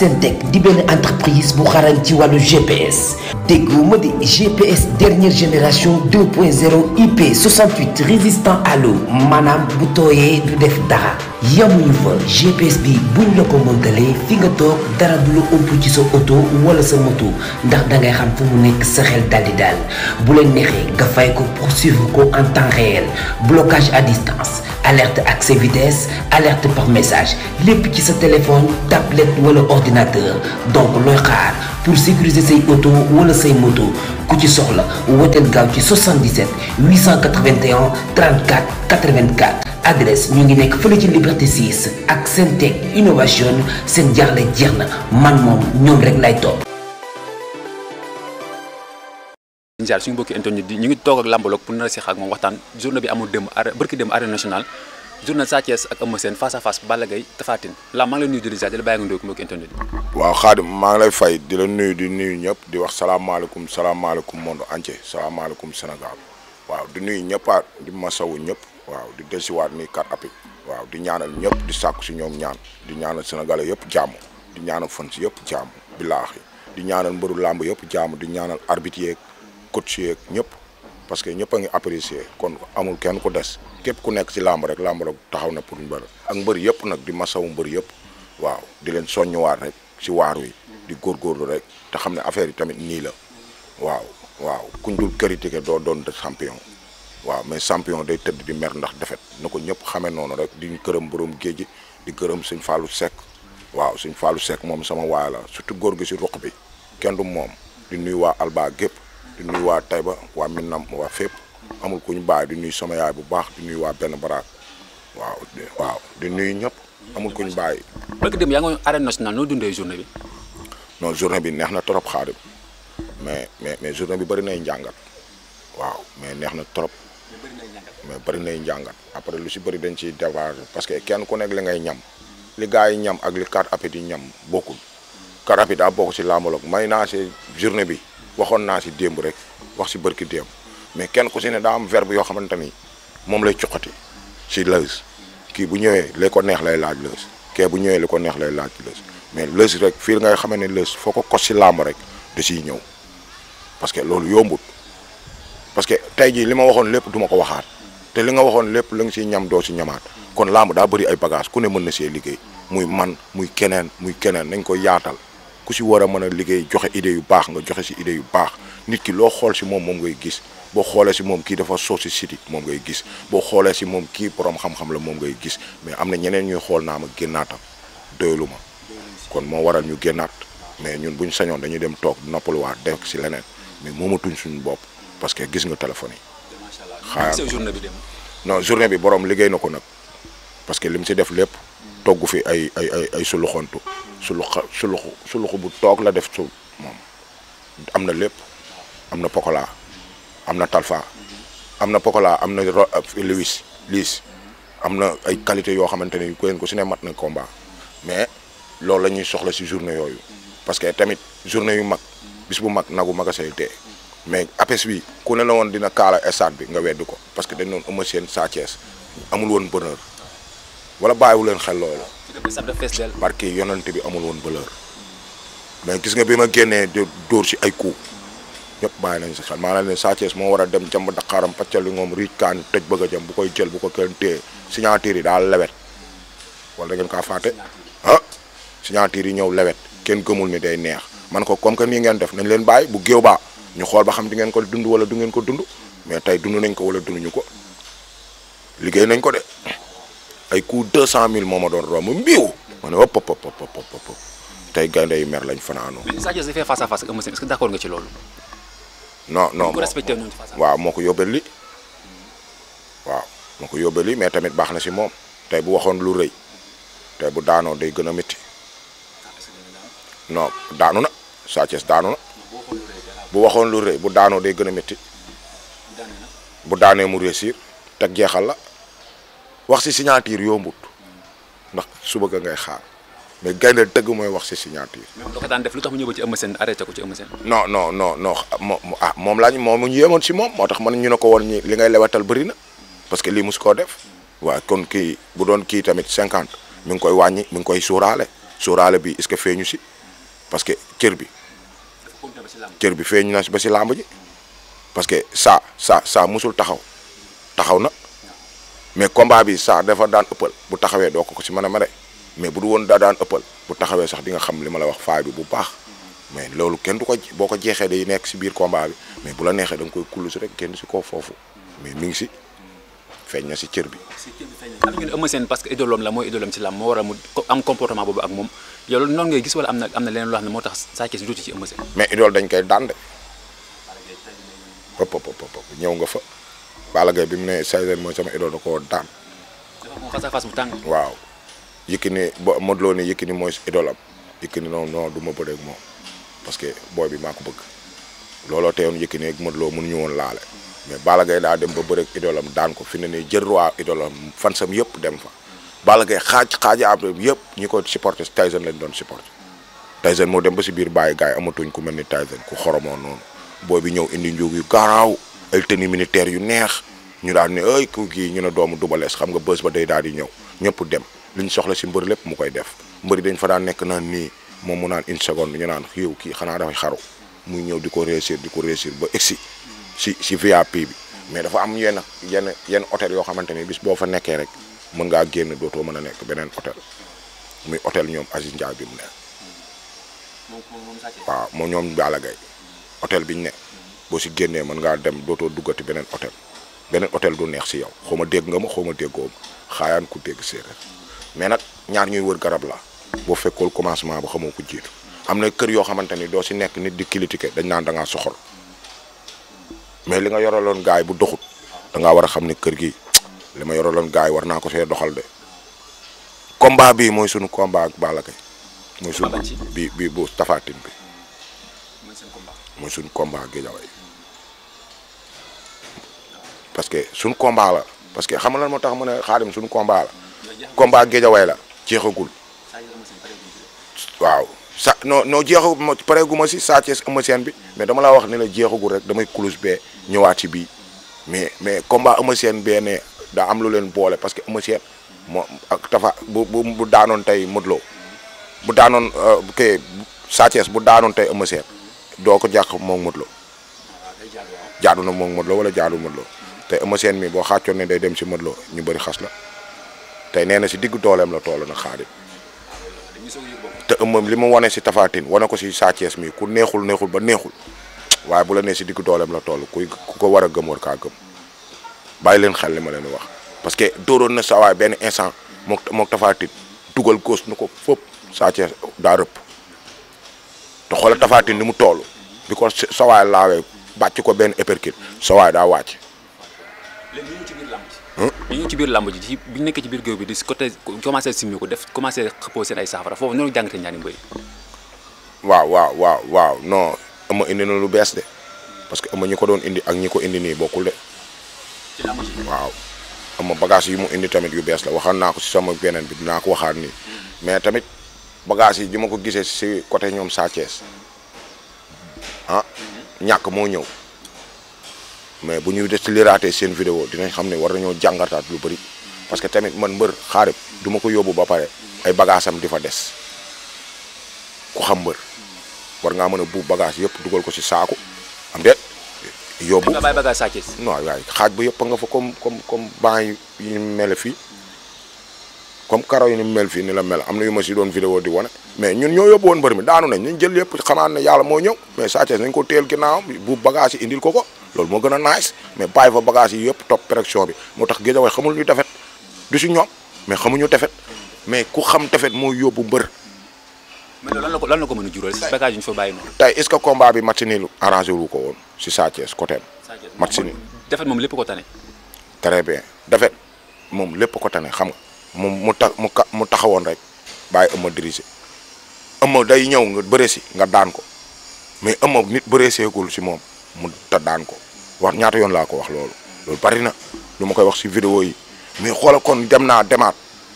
Syntec di benn entreprise bu xarañ ci wàllu GPS dégguma di GPS dernière génération 2.0 IP 68 résistant à l'eau maanaam bu tooyee du def dara yamuñu fa GPS bi buñ la ko montalee fi nga toog dara du la ëpp ci sa oto wala sa moto ndax dangay xam fu mu nekk sa xel daldi daal bu leen neexee nga fay ko poursuivre ko en temps réel blocage à distance alerte accès vitesse alerte par message lépp ci sa téléphone tablette wala ordinateur donc looy xaar pour sécuriser say oto wala say moto ku ci soxla wooteel gaaw ci 77 881 34 84. adresse ñu ngi nekk fële ci Liberté 6 ak seen tech innovation seen jaaxle jeex na man moom ñoom rek ñu ngi toog ak Lambalogue pour nar a seq moom waxtaan journée bi amul dem arène barki démb arène nationale journée Sa ak Eumeu Sène face à face Balla Gaye Tapha Tine la maa ngi lay nuyu di la ziar di la bàyyi nga nuyu mbokki internet bi. waaw Xaadim maa ngi lay fay di la nuyu di nuyu ñëpp di wax salaamaaleykum salaamaaleykum monde entier salaamaaleykum Sénégal waaw di nuyu ñëppaat di masawu ñëpp. waaw di desiwaat nii kat apik waaw di ñaanal ñëpp di sàkku si ñoom ñaan di ñaanal sénégalais yëpp jàmm di ñaanal fan si yëpp jàmm bilaahi di ñaanal mbëru làmb yëpp jàmm di ñaanal arbitre yeeg coach yeeg ñëpp parce que ñëpp a ngi apprécier kon amul kenn ku des képp ku nekk si làmb rek làmb rek taxaw na pour mbër ak mbër yëpp nag di masawu mbër yëpp waaw di leen soññuwaat rek si waar wi di góorgóorlu rek te xam ne affaire yi tamit nii la waaw waaw kuñ dul critiquer doo doon champion waaw mais champion day tëdd di mer ndax defet na ko ñëpp xamee noonu rek di gërëm borom géej gi di gërëm suñ Fallou Seck waaw suñ Fallou Seck moom sama waay la surtout góor gi si ruq bi kenn du moom di nuyu waa Alba gépp di nuyu waa Taïba waa Minam waa fépp amul ku ñu di nuy sama yaay bu baax di nuyu waa benn baraak waaw waaw di nuyu ñëpp amul ku ñu bàyyi. bëgg dem yaa ngi arène nationale noo dundee journée bi. non journée bi neex na trop xaadim mais mais mais journée bi bëri nay njàngat waaw mais neex na trop. mais bëri nay njàngat après lu si bëri dañ ciy déparé parce que kenn ku nekk li ngay ñam li gars yi ñam ak li carte rapide yi ñam bokkul carte rapide daa bokk si laamaloog may naa si journée bi waxoon naa si démb rek wax si bërki démb mais kenn ku si ne daa am verbe yoo xamante ni moom lay cuqati si lës kii bu ñëwee li neex lay laaj lës bu ñëwee li ko neex lay laaj mais lës rek fii ngay xamee ne lës foo ko kos si làmb rek da siy ñëw parce que loolu yombut parce que tey jii li ma waxoon lépp duma ko waxaat te li nga waxoon lépp la nga siy ñam doo ci ñamaat kon laa ma daa bëri ay bagage ku ne mën na see liggéey muy man muy keneen muy keneen nañ ko yaatal ku si war a mën a liggéey joxe idée yu baax nga joxe si idée yu baax nit ki loo xool si moom moom ngay gis boo xoolee si moom kii dafa soosu si siti moom ngay gis boo xoolee si moom kii borom xam-xam la moom ngay gis mais am na ñeneen ñuy xool naa ma génnaatam doylu ma kon moo waral ñu génnaat mais ñun bu sañoon dañuy dem toog noppaluwaat def si leneen mais moomatuñ suñu bopp parce que gis nga téléphone yi. xaar journée bi dem non journée bi borom liggéey na ko nag parce que li mu si def lépp togg fi ay ay ay ay suluxontu suluxa bu toog la def su am na lépp am na pokola am na talfa am na pokola am na euh, liis liis am na ay qualité yoo xamante ne ku leen ko su ne mat na combat mais loolu la ñuy soxla si journée yooyu parce que tamit journée yu mag bis bu mag nagu magasay tee mais APS bi ku ne la woon dina kaala stade bi nga weddi ko parce que dañ doon ëmb seen Sa Thiès amul woon bonheur wala bàyyiwu leen xel loolu. barke yonante bi amul woon bonheur mais gis nga bi ma génnee di dóor si ay coups ñëpp bàyyi nañ si xel maa ne Sa Thiès moo war a dem jàmb daqaaram pàccal li moom riij kaan tëj bëgg bu koy jël bu ko kenn téye signature yi daal lewet wala da ngeen kaa fàtte ah yi ñëw lewet kenn gëmul ni day neex man ko comme que nii ngeen def nañ leen bàyyi bu géew baa ñu xool ba xam di ngeen ko dund wala du ngeen ko dund mais tey dund nañ ko wala dunduñu ko liggéey nañ ko de ay coût deux cent mille moo ma doon romb mbiiw ma ne hop hop hop hop hop tey gaynde yu mer lañ fanaanoo. mais Sadio dafay que d'accord nga ci loolu. non non waaw moo ko yóbbeel li waaw moo ko yóbbeel li mais tamit baax na si moom tey bu waxoon lu rëy tey bu daanoo day gën a métti non daanu na Sa Thiès daanu na. bu waxoon lu rëy bu daanoo day gën a métti bu daanee mu réussir teg jeexal la wax si signature yombut ndax suba ga ngay xaar mais gaynde tëgg mooy wax si signature. même ko daan def lu tax ñëw ba ci Eumeu ko ci Eumeu Sène. non non non non ah moom laa ñu moom ñu yéemoon si moom moo tax man ñu ne ko woon ñi li ngay lewatal bëri na parce que lii mus koo def waa kon kii bu doon kii tamit cinquante mi ngi koy wàññi mi ngi koy suuraale suuraale bi est-ce que feeñu si parce que cër bi. cër bi feeñ na ba si làmb ji parce que saa saa saa musul taxaw taxaw na mais combat bi saa dafa daan ëppal bu taxawee doo ko ko si mën a mere mais bu du woon daan ëppal bu taxawee sax di nga xam li ma la wax faay bu baax mais loolu kenn du ko boo ko jeexee day nekk si biir combat bi mais bu la neexee da nga koy kullu si rek kenn si ko foofu mais mi ngi si feeñ na si cër bi. si cër bi feeñ na am ñu ne parce que idoloom la mooy idoloom ci làmb moo war a mu am comportement boobu ak moom yow noonu ngay gis wala am na am na moo tax Sa Thiès duuti ci Eumeu Sène. mais idole dañ nga fa. Balla bi mu ne Sa Thiès mooy sama idole da koo daan. dafa face à face mooy idolam Yékini non non du ma bëre moom parce que booy bi maa ko bëgg looloo teyoon Yékini ak loo Lo mënuñu woon laale. mais bala gay daa dem ba bëreeg idolam daan ko fi ne nii jël roi idolam fansam yëpp dem fa. Balla gay xaaj xaaja ab yëpp ñi ko supporté Tyson lañ doon supporté Tyson moo dem ba si biir bàyyi gars yi amatuñ ku mel ni Tyson ku xoromoon noonu booy bi ñëw indi njuug yu garaaw ay tenue militaire yu neex ñu daan ne ay ku kii ñu ne doomu dubalees xam nga bés ba dey daal di ñëw ñëpp dem liñ soxla si mbër lépp mu koy def mbëri dañ fa daan nekk naan nii moom mu naan une seconde ñu naan kii xanaa dafay xaru muy ñëw di ko réussir di ba egsi si si VIP bi mais dafa am yenn yenn yenn hôtel yoo xamante ni bis boo fa nekkee rek mën ngaa génn dootoo mën a nekk beneen hôtel muy hôtel ñoom Aziz Ndiaye bi mu ne waaw moo ñoom Balla Gaye hôtel biñ ne boo si génnee mën ngaa dem dootoo duggati beneen hôtel beneen hôtel du neex si yow xaw ma dégg nga ma xaw ma déggoo ma xaayaan ku dégg séeréer mais nag ñaar ñuy wër garab la boo fekkool commencement ba xamoo ku jiitu am na kër yoo xamante ni doo si nekk nit di critiquer dañ naan da ngaa soxor mais li nga yoraloon gaay bu doxut da ngaa war a xam ne kër gi li ma yoraloon gaay war naa ko see doxal de combat bii mooy sunu combat ak Balla Gaye mooy sunu bi bi bu tafaatin bi mooy sunu combat ak Guédiawaye parce que sunu combat la parce que xam nga lan moo tax mu ne xaarim sunu combat la combat ak Guédiawaye la jeexagul waaw sa no non jeexu pareeguma si Sa Thiès Eumeu Sène bi mais dama laa wax ne la jeexagul rek damay kulus bee ñëwaat ci bii mais mais combat Eumeu Sène bee ne daa am lu leen boole parce que Eumeu Sène moo ak Tafa bu bu daanoon tey Modou Lo daanoon euh, kay Sa Thiès bu daanoon tey Eumeu Sène doo ko jàq moom Modou Lo na moom Modou wala jaadu Modou te Eumeu Sène boo xaacoon ne day dem si Modou ñu bëri xas la tey nee na si diggu dooleem la toll na xaarit te ëmmam li mu wane si tafaatin wane ko si Sa Thiès mi ku neexul neexul ba neexul waaye bu la nee si diggu doolem la toll kuy ku ko war a gëm war kaa gëm bàyyi leen xel li ma leen wax parce que dóoroon na sawaay benn instant mook mook tafaatin dugal góos na ko fop Sa Thiès daa rëpp te xoolal tafaatin ni mu toll bi ko sawaay laawee bàcc ko benn épercute sawaay daa wàcc bi ñu ci biir làmb ji ci bi ñu nekkee ci biir géew bi di côté commencé simmi ko def commencé xëppoo seen ay saafara foofu noonu jàngate ñaari mbëri waaw waaw waaw waaw non ama indi na lu bees de parce que ama ñi ko doon indi ak ñi ko indi nii bokkul de waaw ama bagage yi mu indi tamit yu bees la waxaan naa ko si sama beneen bi dinaa ko waxaat nii mm-hmm. mais tamit bagage yi ji ma ko gisee si côté ñoom Sa Thiès ah mm-hmm. ñàkk moo ñëw mais bu ñu des ci liraatee seen vidéo dinañ xam ne war nañoo jàngartaat lu bëri parce que tamit man mbër xaarib duma ko yóbbu ba pare ay bagaasam di fa des ku xam mbër war ngaa man a buub bagage yëpp dugal ko si saaku am déet yóbbu nga bàyyi bagage Sa Thiès xaaj ba yëpp nga fa comme comme comme ban yi mel fii comme karo yi ni mel fii ni la mel am na yu ma si doon vidéo di wane mais ñun ñoo yóbbu woon mbër mi daanu nañ ñu jël yëpp xamaan ne yàlla moo ñëw mais Sa nañ ko teel ginnaawam buub bagage yi indil ko ko loolu moo gën a nice mais bàyyi fa bagage yi yëpp topp pression bi moo tax Guédiawaye xamul ñu defet du si ñoom mais xamuñu defet mais ku xam defet moo yóbbu mbër. mais lan la ko lan la ko mën a jural si bagage yi ñu fa bàyyi noonu. tey est-ce ko woon si Sa Thiès côté am. moom lépp ko tane. très bien defet moom lépp ko tane xam nga moom mu ta mu mu taxawoon rek bàyyi ëmma diriger ëmma day ñëw nga bëre si nga daan ko mais ëmma nit bëre si moom mu ta daan ko. wax ñaata yoon laa ko wax loolu loolu na lu ma koy wax si vidéo yi mais xoolal kon dem naa demaat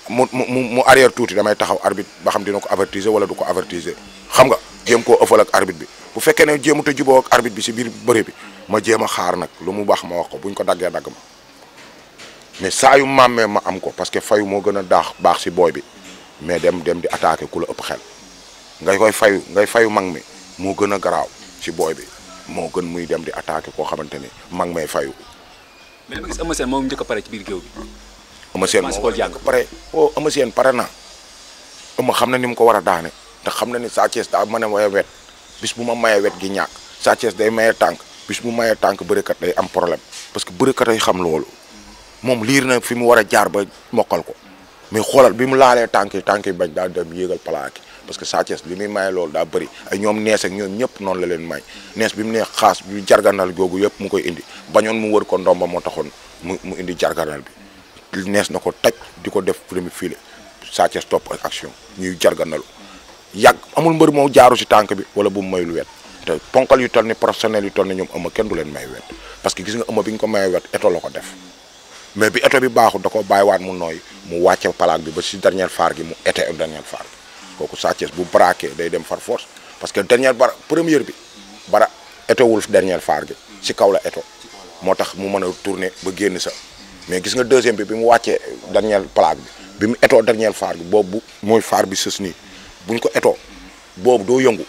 mu mu mu arrière tuuti damay taxaw arbitre ba xam dina ko avertiser wala du ko avertiser xam nga jëm koo ëffal ak arbitre bi bu fekkee ne jéemut a juboo ak arbitre bi si biir bëre bi ma jéem a xaar nag lu mu baax ma wax ko buñ ko daggee dagg ma mais saa yu màmmee ma am ko parce que fayu moo gën a daax baax si booy bi mais dem dem di attaqué ku la ëpp xel ngay koy fayu ngay fayu mag mi moo gën a garaaw si booy bi moo gën muy dem di attaqué koo xamante ni mag may fayu. mais dama gis Eumeu Sène moom njëkk a pare ci biir géew bi. Eumeu Sène moo war a pare oh Eumeu pare na Eumeu xam na ni mu ko war a daane te xam na ni Sa Thiès daa mën a maye wet bis bu ma mayee wet gi ñàkk Sa Thiès day maye tànk bis bu mayee tànk bërekat day am problème parce que bërekat ay xam loolu moom liir na fi mu war a jaar ba mokkal ko mais xoolal bi mu laalee tànk yi tànk yi bañ daa dem yéegal plaqué parce que Sa Thiès li muy maye loolu daa bëri ay ñoom nees ak ñoom ñëpp noonu la leen may nees bi mu neex xaas bi jarganal googu yëpp mu koy indi bañoon mu wër ko ndomba moo taxoon mu mu indi jarganal bi nees na ko taj di ko def premier filet Sa Thiès topp ak action ñuy jarganalu yàgg amul mbër moo jaaru si tànk bi wala bu mu mayul wet te ponkal yu toll ni professionnel yu toll ni ñoom ëmma kenn du leen may wet parce que gis nga ëmma bi ñu ko mayee wet eto la ko mu nooy mu wàcce palaag bi ba si dernière faar gi mu ete dernière faar kooku Sa Thiès bu braqué day dem far force parce que dernière bara première bi bara étowul dernière faar bi si kaw la éto moo tax mu mën a tourner ba génn sax mais gis nga deuxième bi bi mu wàccee dernière plaque bi bi mu étoo dernière faar gi boobu mooy faar bi sës nii bu buñ ko étoo boobu doo yëngu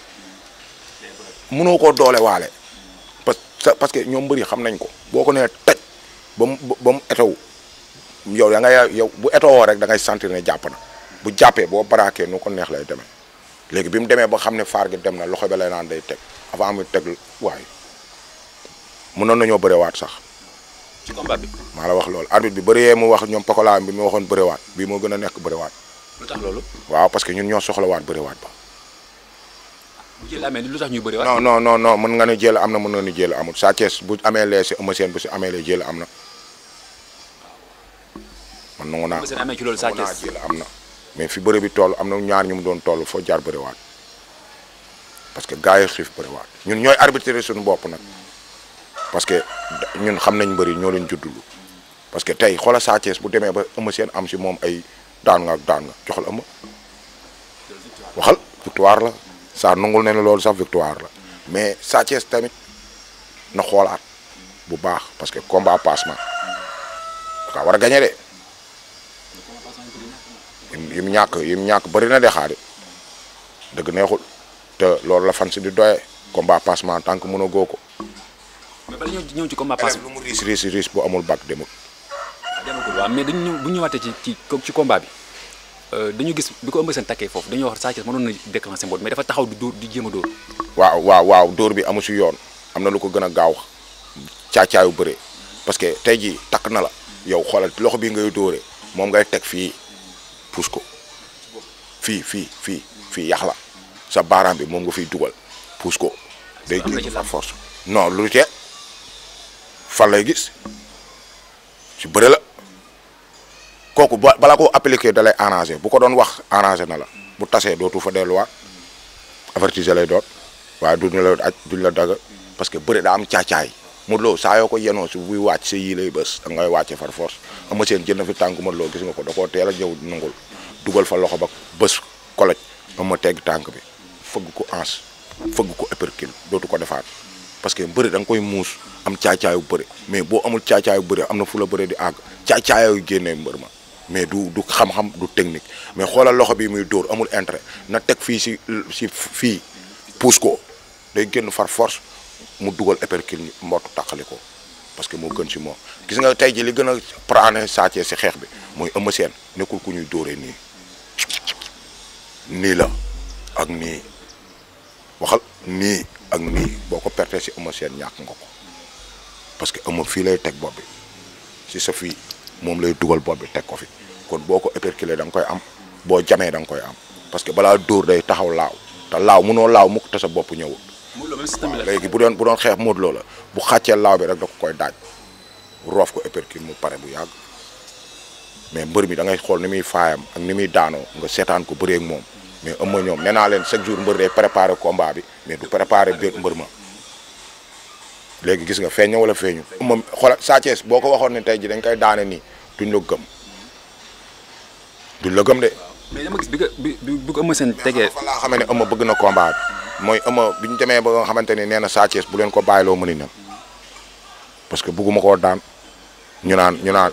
mënoo koo doole waale parce parce que ñoom mbëri xam nañ ko boo ko nee teg ba mu ba mu étow yow da ngay yow bu étowoo rek da ngay sentir ne jàpp na bu jàppee boo braqué nu ko neex lay demee léegi bi mu demee ba xam ne faar gi dem na loxo bi lay naan day teg avant muy teg waay mënoon nañoo bërewaat sax. ci combat maa la wax loolu arbitre bi bëree mu wax ñoom Pokola bi mu waxoon bërewaat bii moo gën a nekk bërewaat. lu tax loolu. waaw parce ñun ñoo soxlawaat bërewaat ba. bu lu tax ñuy bërewaat. non non non mën nga jël am na mën nga ne jël amul Sa Thiès bu amee lee si bu si amee lee jël am na. man nangu naa. ci loolu Sa Thiès jël am na. mais fi bëre bi toll am na ñaar ñu mu doon toll foo jaar bëriwaat parce que gars yi xiif bëriwaat ñun ñooy arbitrer suñu bopp nag parce que ñun xam nañ mbëri ñoo leen juddulu parce que tey xoola Sa Thiès bu demee ba Eumeu seen am si moom ay daan nga ak daan nga joxal Eumeu waxal victoire la saa nangul ne ne loolu sax victoire la mais Sa Thiès tamit na xoolaat bu baax parce que combat passement ka war a gagné de yi mu ñàkk yi mu ñàkk bëri na de xaar dëgg neexul te loolu la fan si di doye combat passement tant que a goo ko. mais bala ñëw ci combat passement lu mu riis riis riis bu amul bac demul. Ah, demagul waaw mais bu ñu ñëwaatee ci ci ci combat bi euh, dañu gis bi ko ëmb seen takkee foofu dañoo wax Sa Thiès mënoon na déclencher mboot mais dafa taxaw di dóor di jéem dóor. waaw waaw waaw dóor bi amu si yoon am na lu ko gën a gaaw caacaayu bëre parce que tey jii takk na la yow xoolal loxo bii ngay dóoree moom ngay teg fii. puus ko fii fii fii fii yax la sa baaraam bi moom nga fiy dugal puus ko day génn par force non lu te fan lay gis ci bëre la kooku bala ko appliquer da lay arranger bu ko doon wax arranger na la bu tasee dootu fa delluwaat avertise lay doon waaye duñu la aj duñu la daga parce que bëre daa am caacaay Modou loo saa yoo ko yenoo si buy wàcc sa yii lay bés da ngay wàcce far force ama seen jël na fi tànk Modou loo gis nga ko da koo teel a ñëw nangul dugal fa loxo ba bés koloj ama tegg tànk bi fëgg ko ans fëgg ko uppercut dootu ko defaat parce que bëri da nga koy muus am caacaayu bëri mais boo amul caacaayu bëri am na fu la bëri di àgg caacaayu génnee mbër ma mais du du xam-xam du technique mais xoolal loxo bi muy dóor amul intérêt na teg fii si si fii puus ko day génn far force mu dugal épercule mbootu tàqali ko parce que moo gën si moom gis nga tey ji li gën a prane saatee si xeex bi mooy Eumeu Sène nekkul ku ñuy dóoree nii nii la ak nii waxal nii ak nii boo ko pertee si Eumeu Sène ñàkk nga ko parce que Eumeu fii lay teg bopp bi si sa fii moom lay dugal bopp bi teg ko fi kon boo ko éperculé da koy am boo jamee da nga koy am parce que balaa dóor day taxaw laaw te laaw munoo laaw mukk te sa bopp ñëwul léegi bu doon bu doon xeex Modou Lo bu xàccee laaw bi rek da koy daaj roof ko épercule mu pare bu yàgg mais mbër mi da ngay xool ni muy faayam ak ni muy daano nga seetaan ko bëree ak moom mais ëmma ñoom nee naa leen chaque jour mbër day préparé combat bi mais du préparé biir mbër ma léegi gis nga feeña wala feeñu moom xoola Sa boo ko waxoon ne tey ji dañ koy daane nii duñ la gëm duñ la gëm de mais bi bi bi ko ëmma seen tegee fa laa xamee ne ëmma bëgg na combat bi mooy ëma bu ñu demee ba nga xamante ni nee na Sa bu leen ko bàyyiloo mëni ñam parce que bugguma koo daan ñu naan ñu naan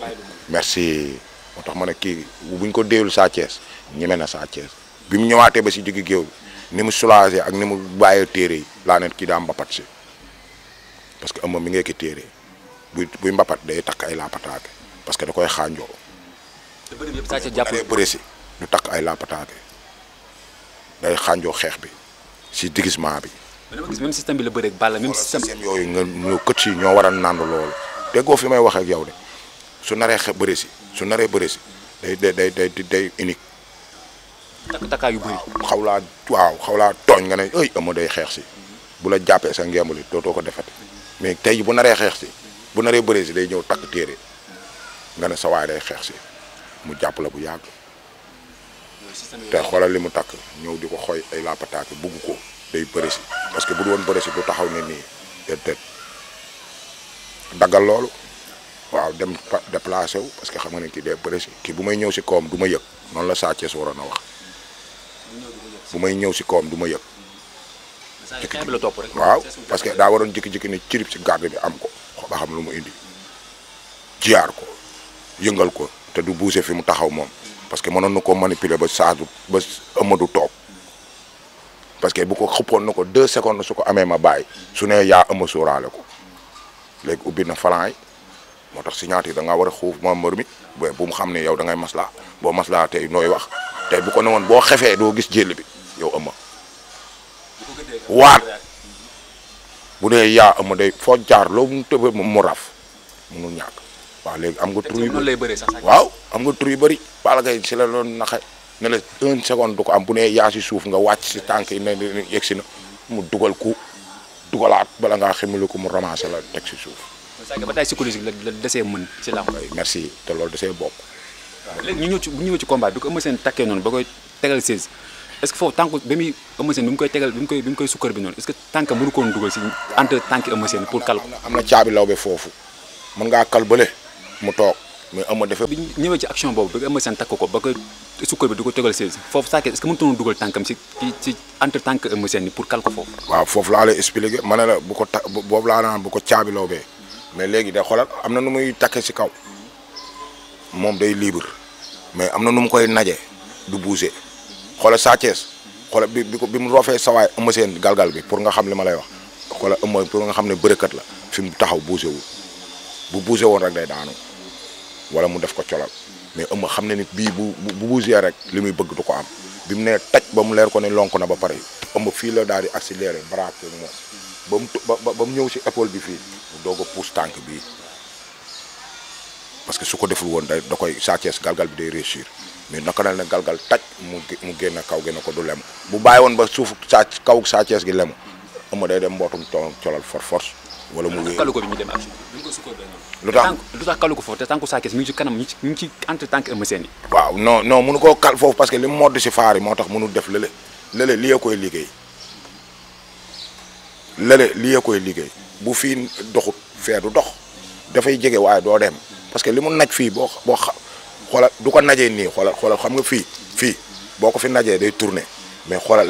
merci moo tax ma ne kii buñ ko déewul Sa Thiès ñeme na Sa Thiès bi mu ñëwaatee ba si digg géew ni mu soulagé ak ni mu bàyyee téere yi laa ne kii daa mbapat si parce que ëma mi ngay ki téere buy buy mbapat day takk ay laapataake parce que da koy xaanjoo bëri si du takk ay laapataake day xaanjoo xeex bi si diggissement bi. mais dama gis même bi la bëreeg Balla yooyu nga ñoo kët si ñoo war a nandu loolu déggoo fi may wax ak yow de su naree xe bëri si su naree bëri si day day day day unique. takk takkaa yu bëri. xaw laa waaw xaw tooñ nga ne ay ëmm day xeex si bu la jàppee sa ngemb li dootoo ko defati mais tey bu naree xeex si bu naree bëri si day ñëw takk téere nga ne sa day xeex si mu jàpp la bu yàgg. te xoolal li mu takk ñëw di ko xooy ay laapataake bugg ko day përisi parce que bu du woon përisi du taxaw ne nii déedéet daggal loolu waaw dem déplacé wu parce que xam nga ne kii day përisi kii bu may ñëw si koom du ma yëg noonu la Sa Thiès waroon a wax bu may ñëw si koom du ma yëg waaw parce que daa waroon jikki-jikki ni cirib si garde bi am ko ba xam lu mu indi jiyaar ko yëngal ko te du buuse fi mu taxaw moom parce que mënoon na koo manipuler ba saadu ba Amadou toog parce que bu ko xëppoon na ko deux secondes su ko amee ma bàyyi su ne yaa ama sóoraale ko léegi ubbi na falan moo tax signature da ngaa war a xuuf ma mbër mi bu mu xam ne yow da ngay maslaa boo maslaa tey nooy wax tey bu ko ne woon boo xefee doo gis jël bi yow ama waat bu dee yaa ama day foo jaar loo mu tëbee mu raf mënul ñàkk waaw léegi am nga tur yu waaw am nga tur yu bëri Balla Gaye si la doon naxe am bu ne yaa si nga wàcc si tànk yi ne si na mu dugal bala ngaa xamul ko mu ramassé la teg si suuf. parce que ba tey psychologique la la desee mën ci làmb. merci te loolu desee bokk. waaw léegi ñu ñëw ci bu ñu ñëw bi ko Eumeu Sène takkee noonu ba koy tegal 16 est que foofu tànk ba muy Eumeu Sène bi mu koy tegal bi mu koy bi mu koy sukkar bi noonu est que tànk mënu ko woon dugal si entre tànk Eumeu Sène pour kal ko. am na caabi law be foofu mën ngaa kal bële mu toog. mais ama defee. bi ñëwee ci action boobu ba Eumeu Sène takk ko ba ko sukkar bi du ko tegal seen foofu saa est-ce que mënut a dugal tànkam si ci entre tànk Eumeu Sène ni pour kal ko foofu. waaw foofu laa lay expliqué ma la bu ko ta boobu laa naan bu ko caabiloo mais léegi day xoolal am na nu muy takkee si kaw moom day libre mais am na nu mu koy naje du bouger xoolal Sa Thiès xoolal bi bi ko bi mu roofee sawaay Eumeu Sène bi pour nga xam li ma lay wax xoolal Eumeu pour nga xam ne bërëkkat la fi taxaw bouger wu bu bouger woon rek day daanu. wala mu def ko colal mais ëmma xam na nit bii bu bu bougé rek li muy bëgg du ko am bi mu nee taj ba mu leer ko ne lonk na ba pare ëmb fii la daal di accéléré braqué moom ba mu ba ba mu ñëw si épaule bi fii mu doog a pousse tànk bii parce que su ko deful woon day da koy saacees galgal bi day réussir mais naka la ne galgal taj mu mu génn kaw gi ne ko du lem bu bàyyi woon ba suuf saa kaw saacees gi lemu ëmb day dem mbootum colal for force wala mu wéy kalu ko dem ak lu tax lu tax kalu ko foofu te tànku saa kees mi ngi ci kanam ñu ci ngi ci entre tànk Eumeu Sène yi waaw non non mënu koo kal foofu parce que li mu modd si faar yi moo tax mënul def lële lële li koy liggéey lële liggéey bu fii doxut fee dox dafay jege waaye doo dem parce que li mu naj fii boo boo xoolal du ko najee nii xoolal xoolal xam nga fii fii boo ko fi najee day tourner mais xoolal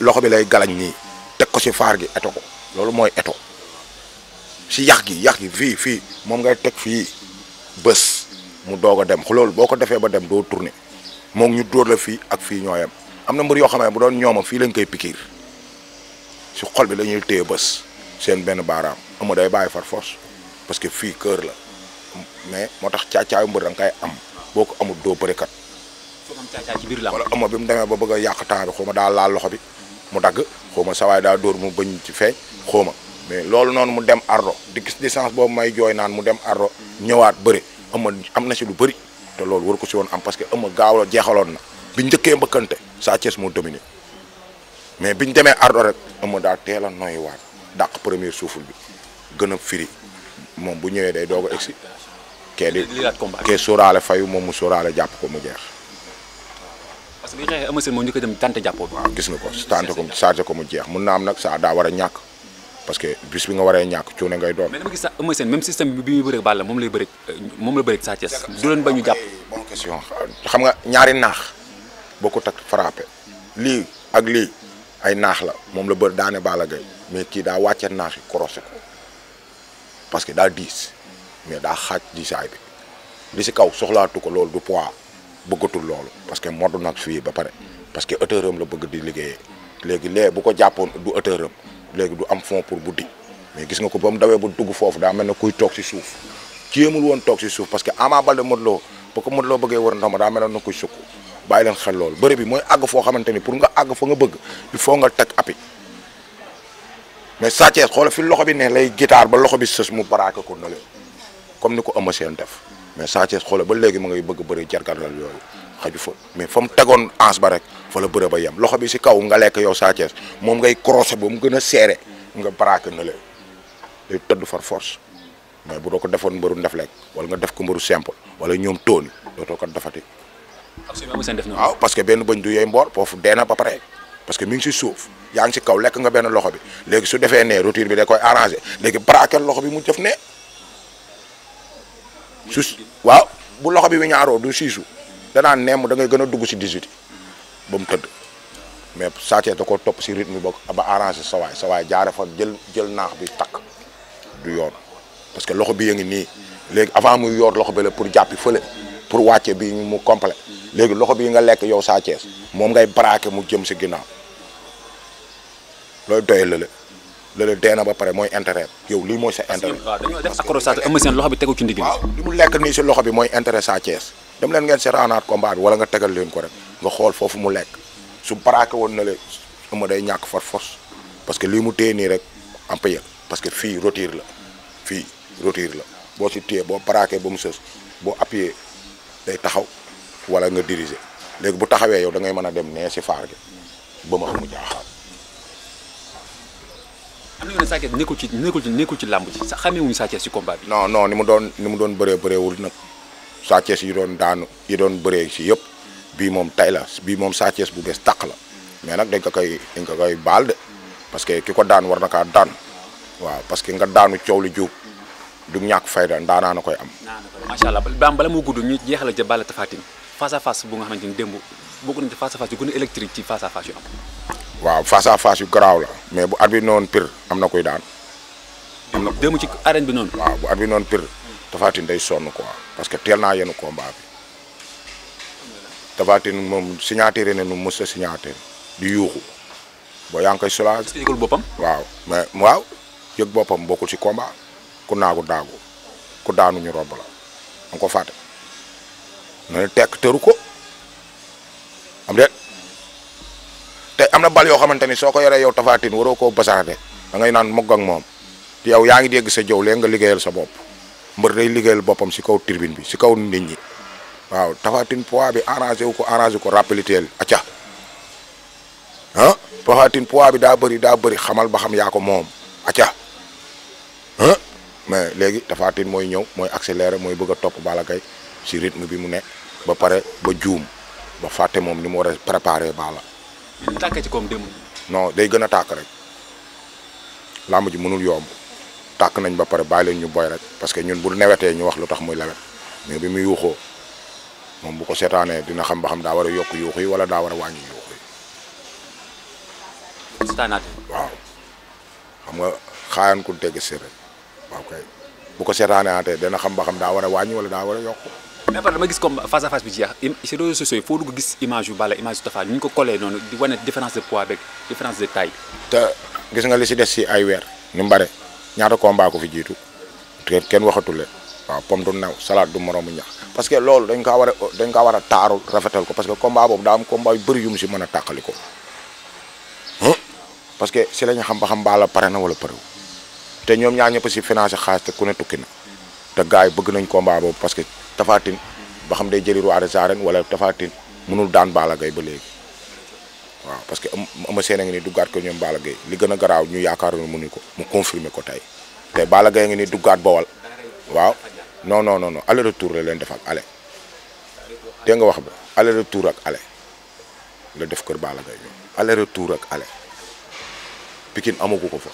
loxo bi lay galañ nii teg ko si faar gi eto ko loolu mooy eto si yax gi yax gi fii fii moom ngay teg fii bés mu doog a dem loolu boo ko defee ba dem doo tourner moom ñu dóor la fii ak fii ñooyam am na mbër yoo xam ne bu doon ñooma fii lañ koy pikiir si xol bi lañuy ñuy téye seen benn baaraam ama day bàyyi far force parce que fii kër la mais moo tax caacaayu mbër da nga koy am boo ko amut doo bërikat ci biir la wala ama bi mu demee ba bëgg a yàq temps bi xaw ma daa laal loxo bi mu dagg xaw ma sawaay daa dóor mu bañ ci feeñ xaw ma mais loolu noonu mu dem ardo di gis distance boobu may jooy naan mu dem ardo ñëwaat bëri ama am na si lu bëri te loolu war ko si woon am parce que ama gaaw la jeexaloon na bi njëkkee mbëkkante Sa Thiès moo dominé mais biñ demee ardo rek ëma daa teel a noyyiwaat dàq premier suuful bi gën a firi moom bu ñëwee day doog a egsi kee di kee sóoraale fayu moom mu sóoraale jàpp ko mu jeex parce que bi xeexee Eumeu Sène moo njëkk a ko tante ko chargé ko mu jeex mun na am nag saa daa war a ñàkk parce que bis bi nga waree ñàkk cuune ngay doon. mais dama gis sax Eumeu Sène même système bi bi muy bëreeg Balla moom lay bëreeg euh, moom la bëreeg Sa du leen ba ñu jàpp. xam nga ñaari naax boo ko ak frappé lii ak lii ay naax la moom la bër daane Balla gay mais kii daa wàcce naax yi korose ko parce que daal diis mais daa xaaj diisaay bi li si kaw soxlaatu ko loolu du poids bëggatul loolu parce que moddu nag fii ba pare parce que hauteur am la bëgg di liggéeyee léegi lee bu ko jàppoon du léegi du am fond pour buddi mais gis nga ko ba mu dawee ba dugg foofu daa mel ne kuy toog si suuf jéemul woon toog si suuf parce que Ama Baldé Modou Lô ba ko Modou Lô bëggee war ndox ma daa mel ne na koy sukk bàyyi leen xel loolu bëri bi mooy àgg foo xamante ni pour nga àgg fa nga bëgg il faut nga teg api mais Sa Thiès xoola fi loxo bi ne lay gitaar ba loxo bi sës mu baraake ko na comme ni ko Eumeu Sène def mais Sa Thiès xoola ba léegi ma ngay bëgg bëri jargarlal yooyu xaju fa mais foo mu tegoon ans ba rek fa la bëre ba yem loxo bi si kaw nga lekk yow Sa Thiès moom ngay crossé ba mu gën a serré nga braqué na la day tëdd far force mais bu doo ko defoon mbëru ndeflek wala nga def ko mbëru simple wala ñoom tóoni dootoo ko defati. waaw parce que benn bëñ du yooyu mboor foofu dee na ba pare parce que mi ngi si suuf yaa ngi si kaw lekk nga benn loxo bi léegi su defee nee routine bi da koy arrangé léegi braqué loxo bi mu jëf ne. su waaw bu loxo bi wi ñaaroo du siisu. danaa nemm da ngay gën a dugg si 18 ba mu tëdd mais Sa Thiès da ko topp si rythme ba ba arrangé sa waay sa jaare fa jël jël naax bi takk du yoon parce que loxo bi ya ngi nii léegi avant muy yoor loxo bi la pour jàppi fële pour wàcce bi mu complet léegi loxo bi nga lekk yow Sa moom ngay braqué mu jëm si ginnaaw loolu doyee lële lële dee na ba pare mooy intérêt yow lii mooy sa intérêt dañoo def loxo bi tegu ci ndigg mu lekk nii si loxo bi mooy intérêt Sa dem leen ngeen seetaanaat combat bi wala nga tegal leen ko rek nga xool foofu mu lekk su baraake woon na le ëma day ñàkk far force parce que lii mu téye nii rek am parce que fii rotir la fii rotir la boo si téye boo baraakee ba mu sës boo appuyé day taxaw wala nga diriger léegi bu taxawee yow da ngay mën a dem nee si faar gi ba ma mu jaaxaal. am na ñu ne Sa ci nekkul ci sax xamee wuñu Sa Thiès si combat bi. non non ni mu doon ni mu doon bëree bëreewul nag. Sa yi doon daanu yi doon bëree si yëpp bii moom tay la bii moom Sa bu bees tàq la mais nag dañ ko koy dañ ko koy baal de parce que ki ko daan war na ka daan waaw parce que nga daanu coow lu juub du ñàkk fayda ndaanaa na koy am. macha allah baam bala moo gudd ñu jeexal ca Balla Tapha Tine face à face bu nga xamante ni démb bokk nañ ci face à face yu gën ci face à waaw face à face yu la mais bu at bi noonu pire am na koy daan. am na démb ci arène bi noonu. waaw bu at bi noonu pire. Tapha Tine day ko quoi parce que teel naa yenu combat bi Tapha Tine moom signature nu mës a signature di yuuxu boo yaa ngi yëgul boppam. waaw mais waaw yëg boppam bokkul ci combat ku naagu daagu ku daanu ñu romb la ko fàtte noonu tekk tëru ko am de te am na bal yoo xamante ni soo ko yoree yow Tapha Tine waroo koo basaade da ngay naan mugg ak moom te yow yaa ngi dégg sa jow léegi nga liggéeyal sa bopp. mbër day liggéeyal boppam si kaw tribune bi si kaw nit ñi waaw tafatin poids bi arrangé wu ko arrangé ko rappeliteel acca ah tafatin poids bi daa bëri daa bëri xamal ba xam yaa ko moom acca ah mais léegi tafatin mooy ñëw mooy accéléré mooy bëgg a topp Balla Gaye si rythme bi mu ne ba pare ba juum ba fàtte moom ni mu war a préparé Balla. tàkk ci koom démb. non day gën a tàkk rek làmb ji mënul yomb. tàkk nañ ba pare baa leen ñu boy rek parce que ñun bu newetee ñu wax lu tax muy lewet mais bi muy yuuxoo moom bu ko seetaanee dina xam ba xam daa war a yokk yuuxu yi wala daa war a wàññi yuuxu yi. seetaanaate. nga xaayaan ku dégg séeréer waaw kay bu ko seetaanaatee xam ba xam wala daa war yokk. mais par dama gis comme face à face bi jeex si réseaux sociaux yi dugg gis image yu Balla image yu Tapha ko collé noonu différence de poids beeg différence de taille. te gis nga li si des si ay weer ni mu bare ñaata combat ko fi kenn waxatule waaw pomme du new salade du moromu ñax parce que loolu dañ kaa war dañ kaa war a taaru rafetal ko parce que combat boobu daa am combat yu si mën a tàqali ko hmm? parce que si la ñu xam ba xam baala pare na wala parew te ñoom ñaa ñëpp si financé xaalis te ku ne tukki na te gars bëgg nañ combat boobu parce que Tapha Tine ba xam day jëli roi des arènes wala Tapha Tine mënul daan baala gay ba léegi. waaw parce que Eumeu Sène a ngi ni duggaat ko ñoom Balla Gaye li gën a garaaw ñu mu ni ko mu confirmer ko tey te bala Gaye a ngi ni duggaat Bawol waaw non non non aller retour la leen defal ale te nga wax ba aller retour ak ale la def kër Balla Gaye ñoom aller ak ale Pikine amagu ko fa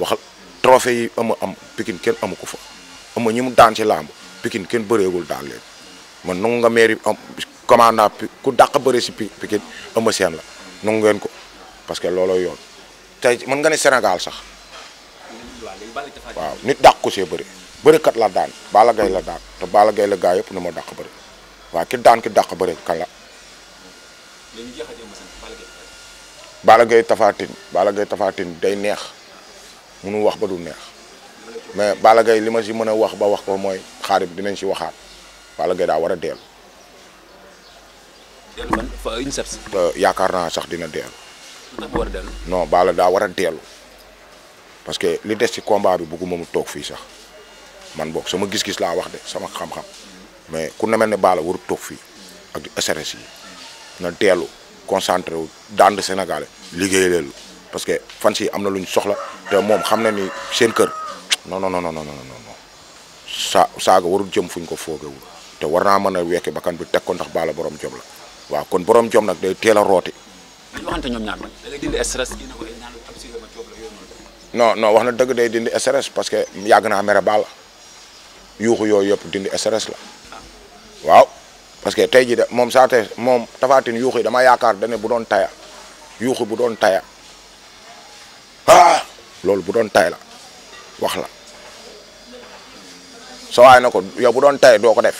waxal trophée yi ama am Pikine kenn amu ko fa ama ñi mu daan ci làmb Pikine kenn bëreegul daan leen man nangu nga mairie am ku dàq bëre si Pikine Eumeu Sène la nangu ngeen ko parce que looloo yoon tey mën nga ne Sénégal sax waaw nit dàq ko see bëri bërikat la daan Balla Gaye la daan te Balla gay la gaa yëpp na ma dàq bëri waa ki daan ki dàq bëri kan la. Balla Gaye Tapha Tine Balla Gaye Tapha day neex munu wax ba du neex mais Balla Gaye li ma si mën a wax ba wax ko mooy xaarib dinañ si waxaat Balla Gaye daa war a dellu. dellu fan fa INSEPS. yaakaar naa sax dina dellu. lu tax mu war a daa war a dellu parce que li des ci combat bi bëgguma mu toog fii sax man boog sama gis-gis laa wax de sama xam-xam mais ku ne mel ne Balla warut toog fii ak di SRS yi na dellu concentré wu daan Sénégal liggéey leelu parce que fan si am na lu ñu soxla te moom xam na ni seen kër non non non non non saaga warul jëm fuñ ko foogewul te war naa mën a wekki bakkan bi teg ko ndax baala borom jom la. waaw kon boroom jom nag day teel a rooti. waxante ñoom ñaar nag da ngay dindi stress kii na ko dëgg day dindi stress parce que yàgg naa mere baal yuuxu yooyu yëpp dindi stress la waaw parce que tey jii de moom saa moom tafaatin yuuxu yi dama yaakaar dane bu doon taya yuuxu bu doon taya ah loolu bu doon tay la wax la sa na ko yow bu doon tay doo ko def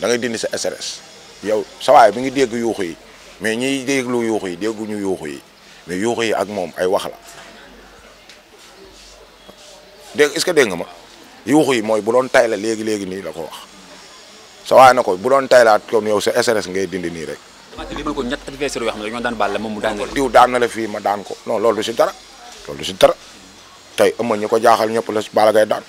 da ngay dindi sa stress yow sawaay mi ngi dégg yuuxu yi mais ñiy déglu yuuxu yi dégguñu yuuxu yi mais yuuxu yi ak moom ay wax la dégg est-ce que nga ma yuuxu yi mooy bu doon tay léegi léegi nii la ko wax sawaay na ko bu doon taylaat kon yow sa SRS ngay dindi nii rek. damaa ko ñett adversaire yoo xam daan Balla moom mu daan diw daan na fii ma daan ko non loolu si dara loolu du si dara tey ëmma ñi ko jaaxal ñëpp la Balla Gaye daan.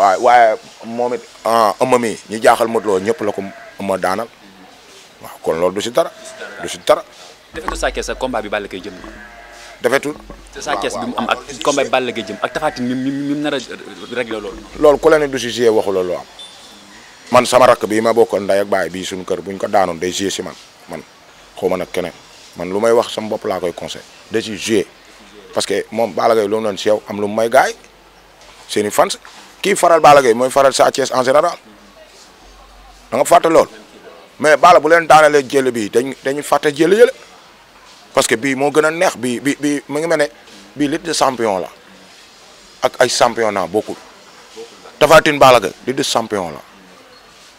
waaye waaye moom it ah, ëmma ñu jaaxal Modou Lo ñëpp la ko ëmma daanal waaw kon loolu du si dara du si dara defetu Sa Thiès bi Balla Gaye jëm defetul Sa Thiès bi ak combat bi Balla jëm ak Tapha Tine mi mi mi loolu ko ku la ne du si gée waxu loolu am man sama rakk bi ma bokkal nday ak baay bii suñu kër buñ ko daanoon day gée si man man xaw ma nag keneen man lu may wax sama bopp laa koy conseil da si gée parce que moom Balla Gaye lu mu doon si yow am lu mu may gaay seeni fans kii faral bala Balla Gaye mooy faral Sa Thiès en général da nga lool mais bala bu leen daanale jël bii dañ dañu fàtte jël yële parce que bii moo gën a neex bii bi mu ngi mel ne bii lutte de champion la ak ay championnat bokkul Tapha Tine Balla Gaye de champion la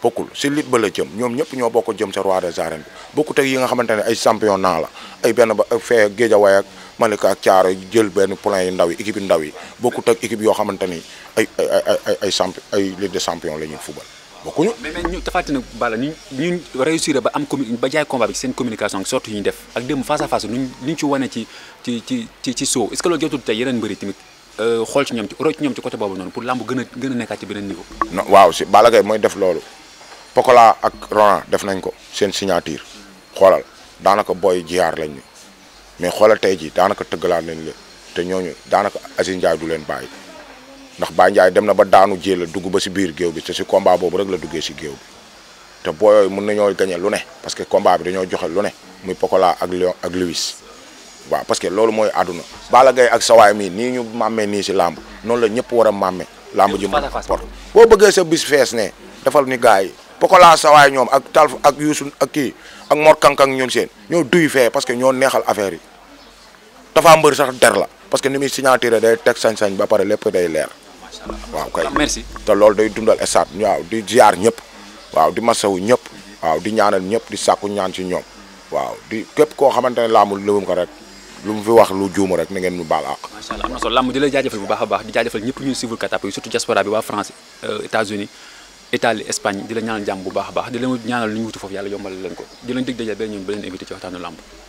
bokkul si lit ba la jëm ñoom ñëpp ñoo bokk jëm sa roi des arènes bi bokkut ak yi nga xamante ne ay champion naa la ay benn ba fee Géejawaay ak Malika ak Caaro jël benn point yu ndaw yi équipe yu ndaw yi bokkut ak équipe yoo xamante ni ay ay ay ay de champion la ñuy fubal bokkuñu. mais mais ñu tafatina Balla ñu ñu réussir ba am commune ba jaay combat yi ñu def ak démb face à face ñu ci wane ci ci ci est que loolu jotul tey yeneen mbëri tamit. Euh, xool ci ñoom ci roc ci ñoom ci côté boobu a gën a mooy def loolu Pokola ak Roland def nañ ko seen signature xoolal daanaka booy jiyaar lañ ñu mais xoolal tey ji daanaka tëggalaan leen la te ñooñu daanaka Aziz Ndiaye du leen bàyyi ndax Baye Ndiaye dem na ba daanu jée la dugg ba si biir géew bi te si combat boobu rek la duggee si géew bi te booyooyu mën nañoo gañe lu ne parce que combat bi dañoo joxe lu ne muy Pokola ak Lion ak Louis waaw parce que loolu mooy àdduna Balla Gaye ak sawaay mii nii ñu màmmee nii si làmb noonu la ñëpp war a màmmee làmb ji mën a port boo bëggee sa fees ne defal ni gars yi Pokola Sawaay ñoom ak Talf ak Youssou ak kii ak Mor Kankang ñoom seen ñoo duy fee parce que ñoo neexal affaire yi dafa mbër sax der la parce que ni muy signature day teg sañ-sañ ba pare lépp day leer. waaw kay merci te loolu day dundal estat waaw di ziar ñëpp waaw di masawu ñëpp waaw di ñaanal ñëpp di sàkku ñaan ci ñoom waaw di képp koo xamante ne laamul lëwum ko rek lu mu fi wax lu juumu rek na ngeen ñu baal àq. macha allah bu baax a baax di jaajëfal ñëpp ñuy suivre Catapult Italie Espagne di la ñaanal jàmm bu baax a baax di ñaanal lu ñu foofu yàlla yombal leen ko di leen dig daje benn ñun ba leen invité ci